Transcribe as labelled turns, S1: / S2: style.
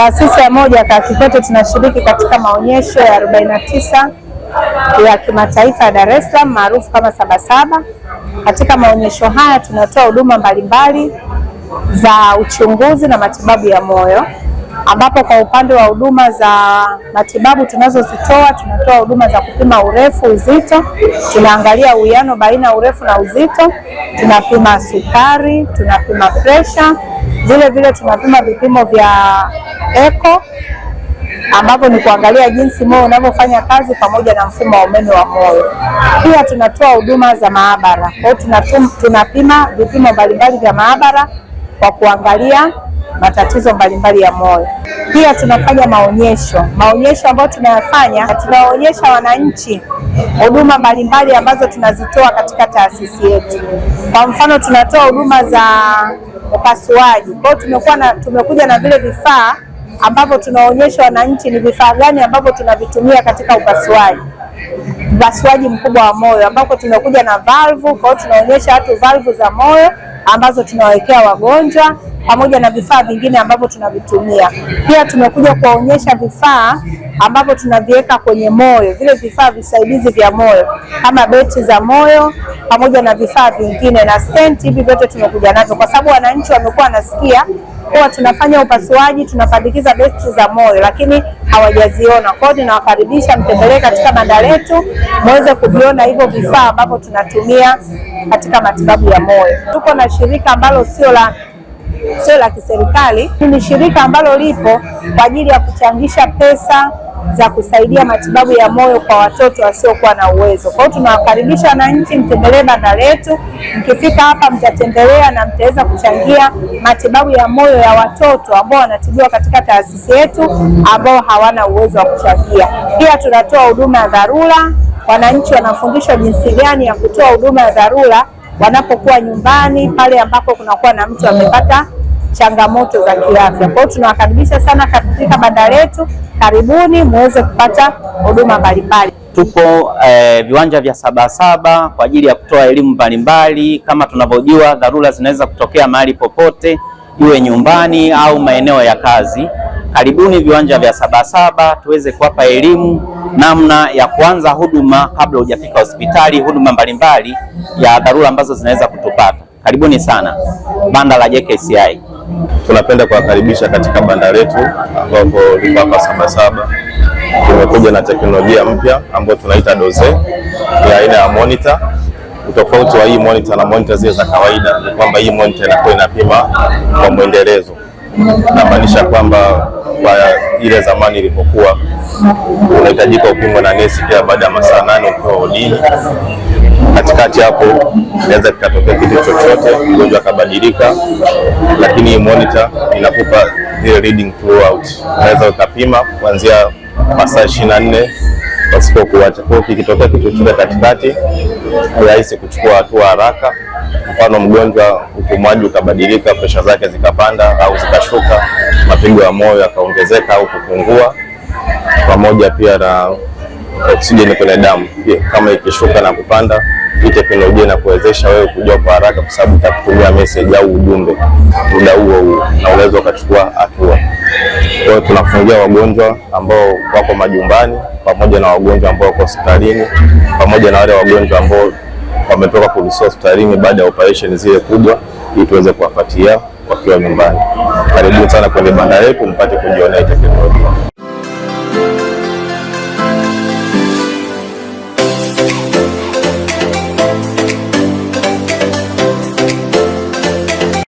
S1: Taasisi ya Moja Jakaya Kikwete tunashiriki katika maonyesho ya 49 ya kimataifa ya Dar es Salaam maarufu kama Sabasaba. Katika maonyesho haya tunatoa huduma mbalimbali za uchunguzi na matibabu ya moyo, ambapo kwa upande wa huduma za matibabu tunazozitoa, tunatoa huduma za kupima urefu, uzito, tunaangalia uwiano baina ya urefu na uzito, tunapima sukari, tunapima presha vile vile tunapima vipimo vya eco ambapo ni kuangalia jinsi moyo unavyofanya kazi pamoja na mfumo wa umeme wa moyo. Pia tunatoa huduma za maabara, kwa hiyo tunapima vipimo mbalimbali vya maabara kwa kuangalia matatizo mbalimbali ya moyo. Pia tunafanya maonyesho, maonyesho ambayo tunayafanya, tunawaonyesha wananchi huduma mbalimbali ambazo tunazitoa katika taasisi yetu. Kwa mfano, tunatoa huduma za upasuaji. Kwa hiyo tumekuwa na tumekuja na vile vifaa ambavyo tunaonyesha wananchi ni vifaa gani ambavyo tunavitumia katika upasuaji upasuaji mkubwa wa moyo, ambapo tumekuja na valvu. Kwa hiyo tunaonyesha watu valvu za moyo ambazo tunawawekea wagonjwa pamoja na vifaa vingine ambavyo tunavitumia. Pia tumekuja kuwaonyesha vifaa ambavyo tunaviweka kwenye moyo, vile vifaa visaidizi vya moyo kama beti za moyo pamoja na vifaa vingine na stent. Hivi vyote tumekuja navyo kwa sababu wananchi wamekuwa wanasikia kuwa tunafanya upasuaji, tunapandikiza beti za moyo, lakini hawajaziona. Kwa hiyo ninawakaribisha mtembelee katika banda letu muweze kuviona hivyo vifaa ambavyo tunatumia katika matibabu ya moyo. Tuko na shirika ambalo sio la sio la kiserikali, ni shirika ambalo lipo kwa ajili ya kuchangisha pesa za kusaidia matibabu ya moyo kwa watoto wasiokuwa na uwezo. Kwa hiyo tunawakaribisha wananchi, mtembelee banda letu. Mkifika hapa, mtatembelea na mtaweza kuchangia matibabu ya moyo ya watoto ambao wanatibiwa katika taasisi yetu, ambao hawana uwezo wa kuchangia. Pia tunatoa huduma ya dharura. Wananchi wanafundishwa jinsi gani ya kutoa huduma ya dharura wanapokuwa nyumbani, pale ambapo kunakuwa na mtu amepata changamoto za kiafya. Kwa hiyo tunawakaribisha sana katika banda letu, karibuni muweze kupata huduma mbalimbali.
S2: Tupo eh, viwanja vya Sabasaba kwa ajili ya kutoa elimu mbalimbali. Kama tunavyojua, dharura zinaweza kutokea mahali popote, iwe nyumbani au maeneo ya kazi. Karibuni viwanja vya Sabasaba tuweze kuwapa elimu namna ya kuanza huduma kabla hujafika hospitali, huduma mbalimbali ya dharura ambazo zinaweza kutupata. Karibuni sana banda la JKCI
S3: tunapenda kuwakaribisha katika banda letu ambapo liko hapa Sabasaba. Tumekuja na teknolojia mpya ambayo tunaita doze, ya aina ya monitor. Utofauti wa hii monitor na monitor zile za kawaida ni kwamba hii monitor inakuwa inapima kwa mwendelezo, namaanisha kwamba kwa ile zamani ilipokuwa unahitajika upimwe na nesi kila baada ya masaa nane ukiwa odini katikati hapo inaweza kikatokea kitu chochote, mgonjwa akabadilika, lakini monitor inakupa the reading throughout. Unaweza ukapima kuanzia masaa ishirini na nne pasipo kuacha. Kwa hiyo kikitokea kitu chochote katikati, rahisi kuchukua hatua haraka. Mfano, mgonjwa upumuaji ukabadilika, presha zake zikapanda au zikashuka, mapigo ya moyo yakaongezeka au kupungua, pamoja pia na oksijeni kwenye damu kama ikishuka na kupanda teknolojia na kuwezesha wewe kujua kwa haraka, kwa sababu utakutumia message au ujumbe muda huo huo na unaweza ukachukua hatua. Kwa hiyo tunafungia wagonjwa ambao wako majumbani pamoja na wagonjwa ambao wako hospitalini pamoja na wale wagonjwa ambao wametoka kuruhusiwa hospitalini baada ya operation zile kubwa, ili tuweze kuwafuatia wakiwa nyumbani. Karibuni sana kwenye banda letu mpate kujionea teknolojia.